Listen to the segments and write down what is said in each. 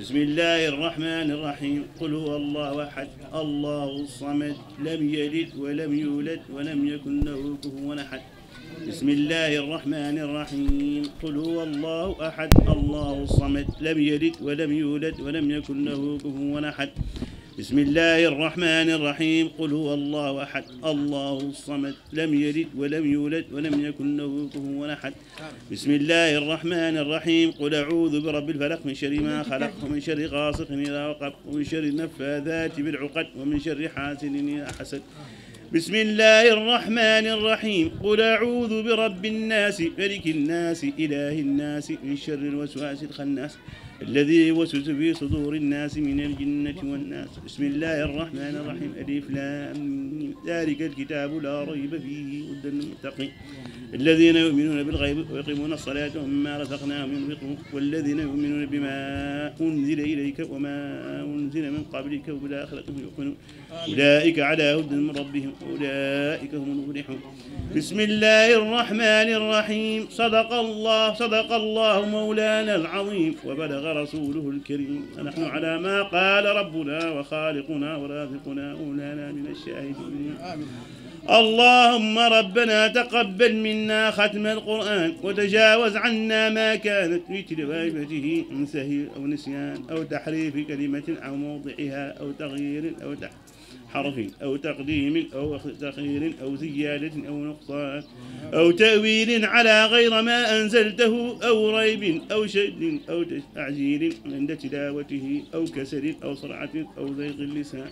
بسم الله الرحمن الرحيم قل هو الله احد الله الصمد لم يلد ولم يولد ولم يكن له كفوا احد بسم الله الرحمن الرحيم قل هو الله احد الله الصمد لم يلد ولم يولد ولم يكن له كفوا احد بسم الله الرحمن الرحيم قل هو الله أحد الله الصمد لم يلد ولم يولد ولم يكن له كفوا أحد بسم الله الرحمن الرحيم قل أعوذ برب الفلق من شر ما خلق ومن شر غاسق إذا وقب ومن شر النفاذات بالعقد ومن شر حاسد إذا حسد بسم الله الرحمن الرحيم قل أعوذ برب الناس ملك الناس إله الناس من شر الوسواس الخناس الذي يوسوس في صدور الناس من الجنة والناس بسم الله الرحمن الرحيم ألف لام ذلك الكتاب لا ريب فيه هدى للمتقين alladina yuminuuna bilxaybi wa yuqimuuna alsalata wa mimma razaqnahum yunfiquun walladina yuminuuna bima unzila ilayka wa ma unzila min qablika wa bilaaxirati hum yuqinuun ulaika ala hudan min rabbihim wa ulaika hum almuflixuun bismillahi arrahmani arrahim sadaqa allah sadaqa allahu mawlana alazim wa balaga rasuluhu alkarim nahnu ala ma qala rabbuna wa xaaliquna wa raziquna wa mawlana min alshahidin allahumma rabbana taqabbal min منا ختم القرآن وتجاوز عنا ما كانت في تلاوته من سهي أو نسيان أو تحريف كلمة أو موضعها أو تغيير أو تحريف حرف أو تقديم أو تخير أو زيادة أو نقصان أو تأويل على غير ما أنزلته أو ريب أو شد أو تعجيل عند تلاوته أو كسل أو صرعة أو زيغ اللسان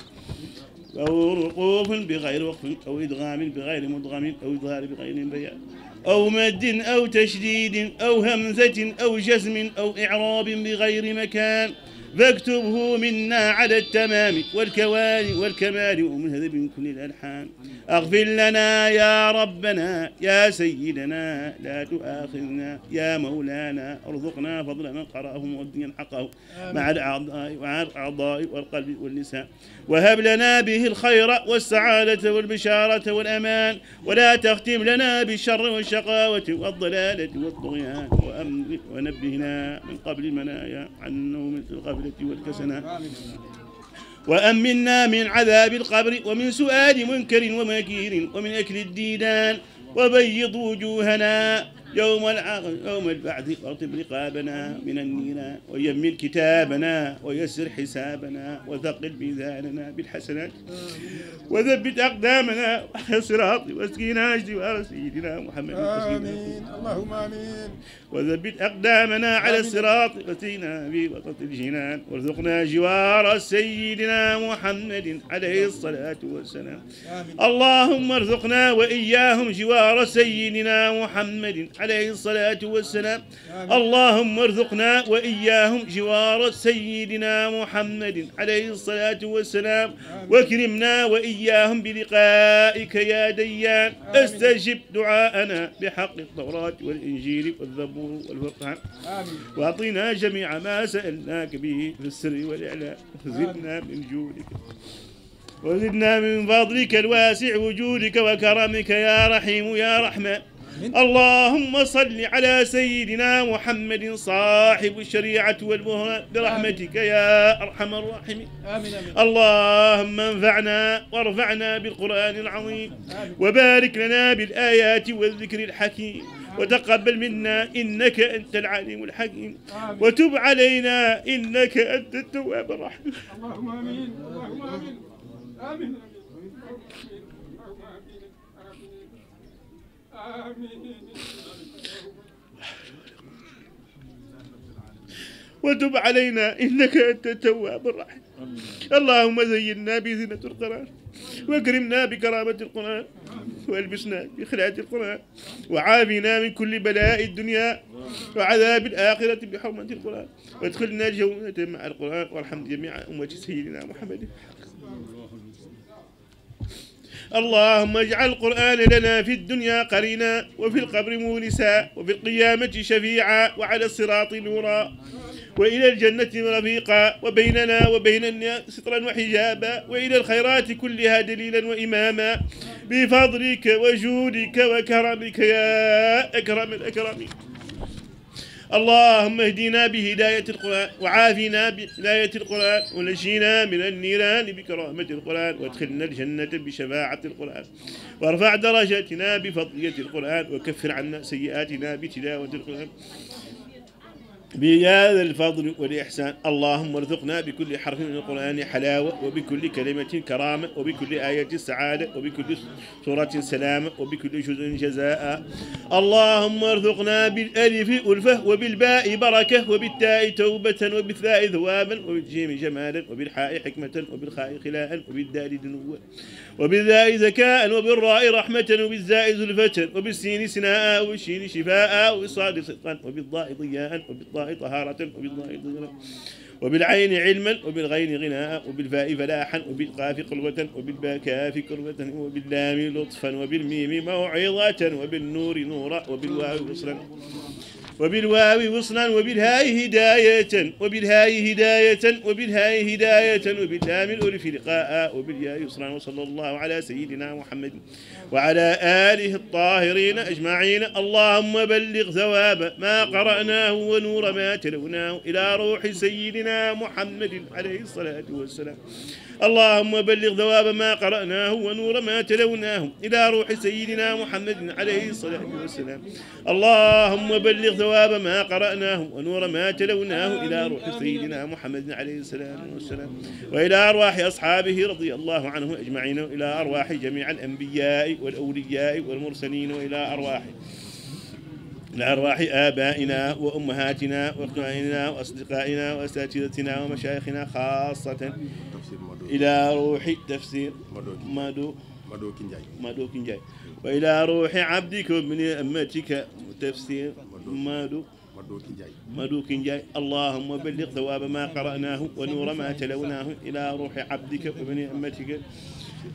أو وقوف بغير وقف أو إدغام بغير مدغم أو إظهار بغير بيان أو مد أو تشديد أو همزة أو جزم أو إعراب بغير مكان فاكتبه منا على التمام والكوان والكمال ومنهذ من كل الألحان أغفر لنا يا ربنا يا سيدنا لا تؤاخذنا يا مولانا ارزقنا فضل من قرأه مؤديا حقه مع الأعضاء ومع الأعضاء والقلب واللسان وهب لنا به الخير والسعادة والبشارة والأمان ولا تختم لنا بالشر والشقاوة والضلالة والطغيان وأمن ونبهنا من قبل المنايا عن نوم الغفلة الجنة والحسنات وأمنا من عذاب القبر ومن سؤال منكر ومكير ومن أكل الديدان وبيض وجوهنا يوم العاقل يوم البعث واغتب رقابنا من النيران ويمن كتابنا ويسر حسابنا وثقل ميزاننا بالحسنات وثبت اقدامنا واحيا صراطي واسقينا جوار سيدنا محمد امين اللهم امين وثبت اقدامنا على الصراط وسينا في وسط الجنان وارزقنا جوار سيدنا محمد عليه الصلاه والسلام اللهم ارزقنا واياهم جوار سيدنا محمد عليه عليه الصلاة والسلام اللهم ارزقنا وإياهم جوار سيدنا محمد عليه الصلاة والسلام واكرمنا وإياهم بلقائك يا ديان استجب دعاءنا بحق التوراة والإنجيل والزبور والفرقان وأعطنا جميع ما سألناك به في السر والإعلان زدنا من جودك وزدنا من فضلك الواسع وجودك وكرمك يا رحيم يا رحمن اللهم صل على سيدنا محمد صاحب الشريعة والبهرة برحمتك يا أرحم الراحمين آمين آمين اللهم انفعنا وارفعنا بالقرآن العظيم وبارك لنا بالآيات والذكر الحكيم وتقبل منا إنك أنت العليم الحكيم وتب علينا إنك أنت التواب الرحيم اللهم آمين اللهم آمين آمين, آمين. وتب علينا إنك أنت التواب الرحيم اللهم زينا بزينة القرآن واكرمنا بكرامة القرآن والبسنا بخلعة القرآن وعافنا من كل بلاء الدنيا وعذاب الآخرة بحرمة القرآن وادخلنا الجنة مع القرآن وارحم جميع أمة سيدنا محمد اللهم اجعل القرآن لنا في الدنيا قرينا وفي القبر مونسا وفي القيامة شفيعا وعلى الصراط نورا وإلى الجنة رفيقا وبيننا وبين الناس سترا وحجابا وإلى الخيرات كلها دليلا وإماما بفضلك وجودك وكرمك يا أكرم الأكرمين اللهم اهدنا بهداية القرآن وعافنا بهداية القرآن ونجينا من النيران بكرامة القرآن وادخلنا الجنة بشفاعة القرآن وارفع درجاتنا بفضلية القرآن وكفر عنا سيئاتنا بتلاوة القرآن بيا ذا الفضل والإحسان اللهم ارزقنا بكل حرف من القرآن حلاوة وبكل كلمة كرامة وبكل آية سعادة وبكل سورة سلامة وبكل جزء جزاء اللهم ارزقنا بالألف ألفة وبالباء بركة وبالتاء توبة وبالثاء ثوابا وبالجيم جمالا وبالحاء حكمة وبالخاء خلاء وبالدال دنوا وبالذاء ذكاء وبالراء رحمة وبالزاء زلفة وبالسين سناء وبالشين شفاء وبالصاد صدقا وبالضاء ضياء وبالضاء الله طهارة وبالله طهارة وبالعين علما وبالغين غناء وبالفاء فلاحا وبالقاف قلوة وبالباكاف كربة وباللام لطفا وبالميم موعظة وبالنور نورا وبالواو وصلا وبالواو وصلا وبالهاء هداية وبالهاء هداية وبالهاء هداية وباللام الألف لقاء وبالياء يسرا وصلى الله على سيدنا محمد وعلى آله الطاهرين أجمعين اللهم بلغ ثواب ما قرأناه ونور ما تلوناه إلى روح سيدنا محمد عليه الصلاة والسلام اللهم بلغ ثواب ما قرأناه ونور ما تلوناه إلى روح سيدنا محمد عليه الصلاة والسلام اللهم بلغ وثواب ما قرأناه ونور ما تلوناه إلى روح سيدنا محمد عليه السلام والسلام وإلى أرواح أصحابه رضي الله عنهم أجمعين وإلى أرواح جميع الأنبياء والأولياء والمرسلين وإلى أرواح إلى أرواح آبائنا وأمهاتنا وإخواننا وأصدقائنا وأساتذتنا ومشايخنا خاصة إلى روح تفسير مدو مدوكي نجاي مدوكي نجاي وإلى روح عبدك وابن أمتك تفسير maadu madooki Njaay madooki Njaay allahuma ballig sawaaba maa qara'naahu wa nuura maa talawnaahu ilaa ruuxi abdika wa bani amatika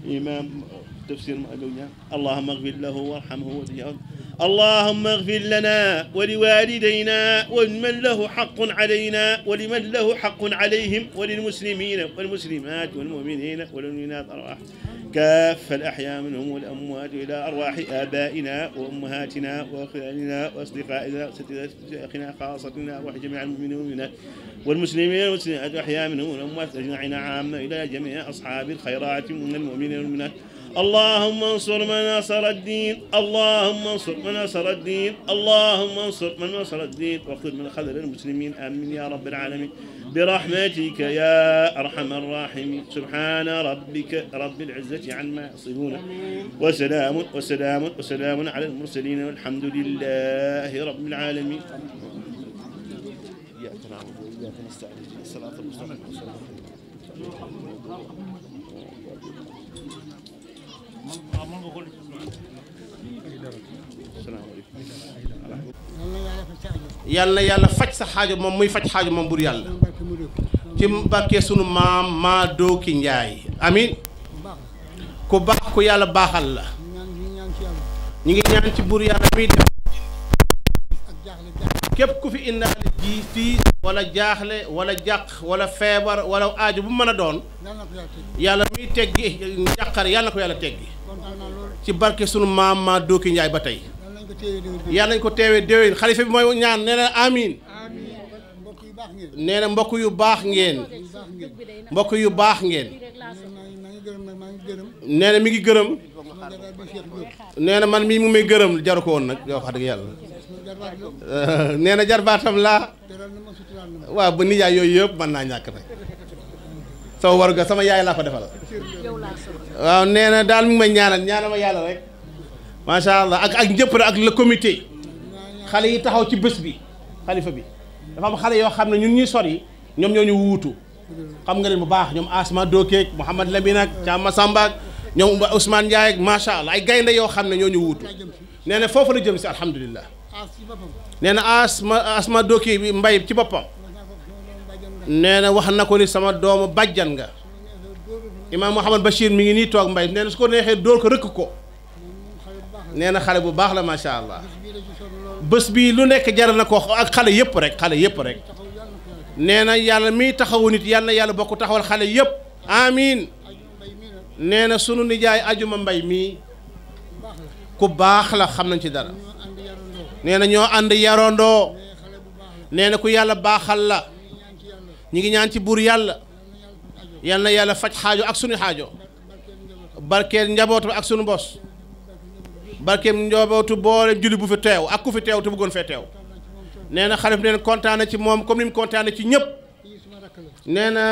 imam tafsir ma adow ñaa allahuma agfir lahu warhamhu wa allahuma agfir lanaa wa liwaalidaynaa wa liman lahu haqqun alaynaa wa liman lahu haqqun alayhim wa lilmuslimiina walmuslimaati walmu'miniina walmu'minaat كافة الأحياء منهم والأموات وإلى أرواح آبائنا وأمهاتنا وأخواننا وأصدقائنا وأخينا خاصتنا أرواح جميع المؤمنين والمؤمنات والمسلمين والمسلمات الأحياء منهم والأموات أجمعين عامة إلى جميع أصحاب الخيرات من المؤمنين والمؤمنات اللهم انصر من نصر الدين اللهم انصر من نصر الدين اللهم انصر من نصر الدين واخذل من خذل المسلمين آمين يا رب العالمين برحمتك يا أرحم الراحمين سبحان ربك رب العزة عما يصفون وسلام وسلام وسلام على المرسلين والحمد لله رب العالمين إياك نعبد وإياك نستعين الصراط المستقيم السلام عليكم yàlla yàlla faj sa xaajo moom muy faj xaajo moom bur yàlla ci mbàkke sunu maam maa dooki njaay amin ku baax ku yàlla baaxal la ñu ngi ñaan ci buur yàlla muy def képp ku fi indaale ji tiis wala jaaxle wala jàq wala feebar wala aaju bu mën a doon yàlla muy teggi njàqar yàlla na ko yàlla teggi ci barke sunu maam maa dooki njaay ba tey yàlla nañ ko teewee déwén xalifa bi mooy ñaan nee amin nee mbokk yu baax ngeen mbokk yu baax ngeen nee mi ngi gërëm nee na man mii mu may gërëm jaru ko woon nag wax dëgg yàlla nee na jarbaatam laa waa ba nijaay yooyu yëpp mën naa ñàkk nag sama war ga sama yaay laa ko defal waaw nee daal mu ngi may ñaanal ñaanal ma yàlla rek macha allah ak ak njëpp ak le comité xale yi taxaw ci bés bi xalifa bi dafa am xale yoo xam ne ñun ñuy sori ñoom ñoo ñu wuutu xam nga leen bu baax ñoom Asma Dokeek Mouhamad Lamine ak Thiam Massamba ak ñoom Ousmane Ndiaye ak macha allah ay gaynde yoo xam ne ñoo ñu wuutu nee na foofu la jëm si alhamdulilah nee na Asma Asma Dokeek bi mbay ci boppam nee na wax na ko ni sama doomu bàjjan nga imaam Mouhamad Bachir mu ngi nii toog mbay nee na su ko neexee door ko rëkk ko. nee na xale bu baax la macha allah bés bii lu nekk jaral na ko ak xale yëpp rek xale yëpp rek nee na yàlla miy taxawu nit yàlla yàlla bokk taxawal xale yëpp amiin nee na sunu nijaay ajuma mbay mii ku baax la xam nañ ci dara nee na ñoo ànd yarondoo nee na ku yàlla baaxal la ñi ngi ñaan ci buur yàlla yal yàlla faj xaajo ak sunu xaajo barkeel njabootam ak sunu bos barkeem njoobootu boole julli bu fi teew ak ku fi teew te bëggoon fee teew nee na xalif neen kontaan ci moom comme ni mu kontaan ci ñëpp nee na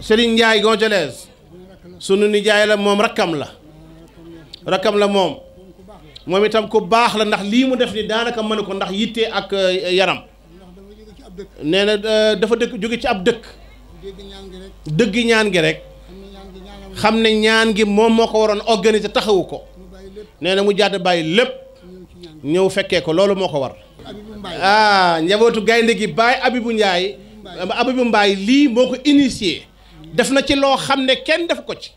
Serigne Ndiaye Gonjalees sunu nijaay la moom rakkam la rakkam la moom moom itam ku baax la ndax lii mu def ni daanaka mënu ko ndax yitte ak eh, yaram nee na eh, dafa dëkk jóge ci ab dëkk dëgg ñaan gi rek xam ne ñaan gi moom moo ko waroon organiser taxawu ko nee na mu jaata bàyyi lépp ñëw fekkee ko loolu moo ko war ah njabootu gaynde gi baay Abibu Njaay Abibu Mbaay lii moo ko initié def na ci loo xam ne kenn def ko ci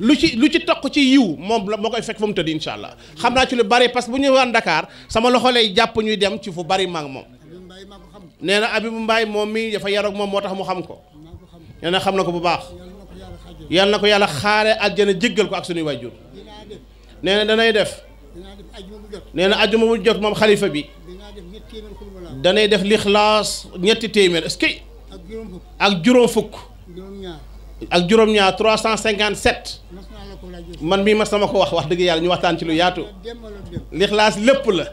lu ci lu ci toq ci yiw moom la moo koy fekk fa mu tëdd insha allah xam naa ci lu bari parce que bu ñu waan Dakar sama loxo lay jàpp ñuy dem ci fu bari maag moom nee na Abibu Mbaay moom mi dafa yaroog moom moo tax mu xam ko nee xam na ko bu baax yàlla na ko yàlla xaare aljana jéggal ko ak suñuy waajur nee na danay def nee na ajjuma bu jot moom xalifa bi danay def lixlaas ñetti téeméer est-ce que ak juróom fukk ak juróom-ñaar 357 man mii ma sama ko wax wax dëgg yàlla ñu waxtaan ci lu yaatu lixlaas lépp la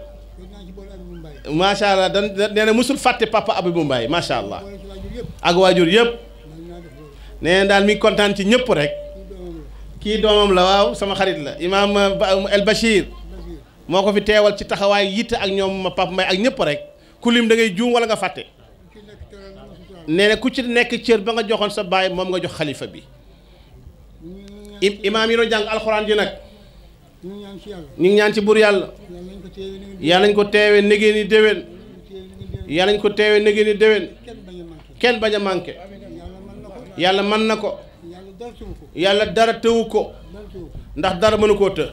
macha allah dan nee na fàtte fàtte papa Abibou Mbaye macha allah ak waajur yëpp nee daal mi kontaan ci ñëpp rek. kii doomam la waaw sama xarit la imaam uh, El Bachir moo ko fi teewal ci taxawaay yitte ak ñoom Pape Mbaye ak ñëpp rek ku lim dangay ngay juum wala nga fàtte nee na ku ci nekk cër ba nga joxoon sa baay moom nga jox xalifa bi imaam yi doon jàng alxuraan ji nag ñu ngi ñaan ci buur yàlla yàlla nañ ko teewe negeen ni déwén yàlla nañ ko teewe negeen ni déwén kenn bañ a manqué yàlla mën na ko yàlla dara tëwu ko ndax dara mënu koo të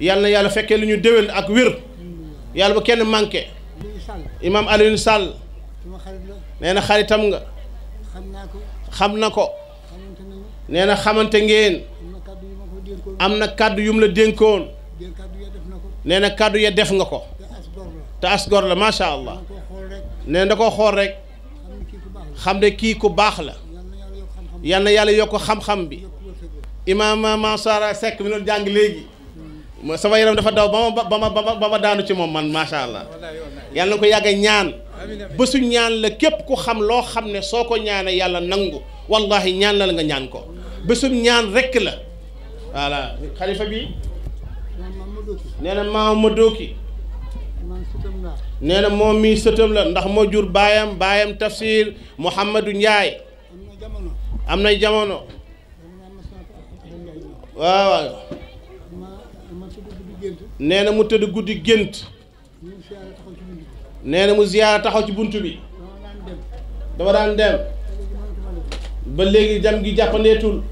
yàlla na yàlla fekkee lu ñu déwén ak wér yàlla bu kenn manqué imaam Alioune Sall nee na xaritam nga xam na ko nee na xamante ngeen am na kàddu yum la dénkoon nee na kàddu ya def nga ko te as la macha allah nee da koo xool rek xam ne kii ku baax la yal yàlla yokk xam-xam bi imaam Mansour Seck mi doon jàng léegi sama yaram dafa daw ba ma ba ma ba ma daanu ci moom man macha allah yàlla ko yàgg ñaan ñaan la képp ku xam loo xam ne soo ko ñaanee yàlla nangu wallahi ñaan la nga ñaan ko bésu ñaan rekk la voilà xalifa bi nee na maama dooki nee na moom mii sëtam la ndax moo jur baayam baayam tafsir Mouhamadou Ndiaye am nay jamono waaw waaw nee na mu tëdd guddi gént nee na mu ziyaara taxaw ci bunt bi dama daan dem ba léegi jam gi jàppandeetul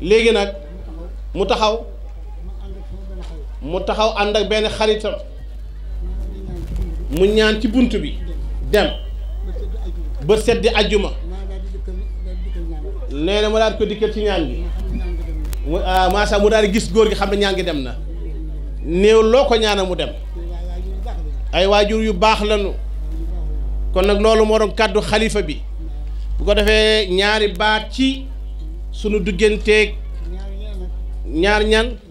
léegi nag mu taxaw mu taxaw ànd ak benn xaritam mu ñaan ci bunt bi dem ba sedd ajjuma nee na ma daal ko dikkal ci ñaan gi mu ah, maasa mu daal di gis góor gi xam ne ñaa ngi dem na néew loo ko ñaana mu dem ay waajur yu baax lañu kon nag loolu moo doon kàddu xalifa bi bu ko defee ñaari baat ci sunu digganteek ñaar ñan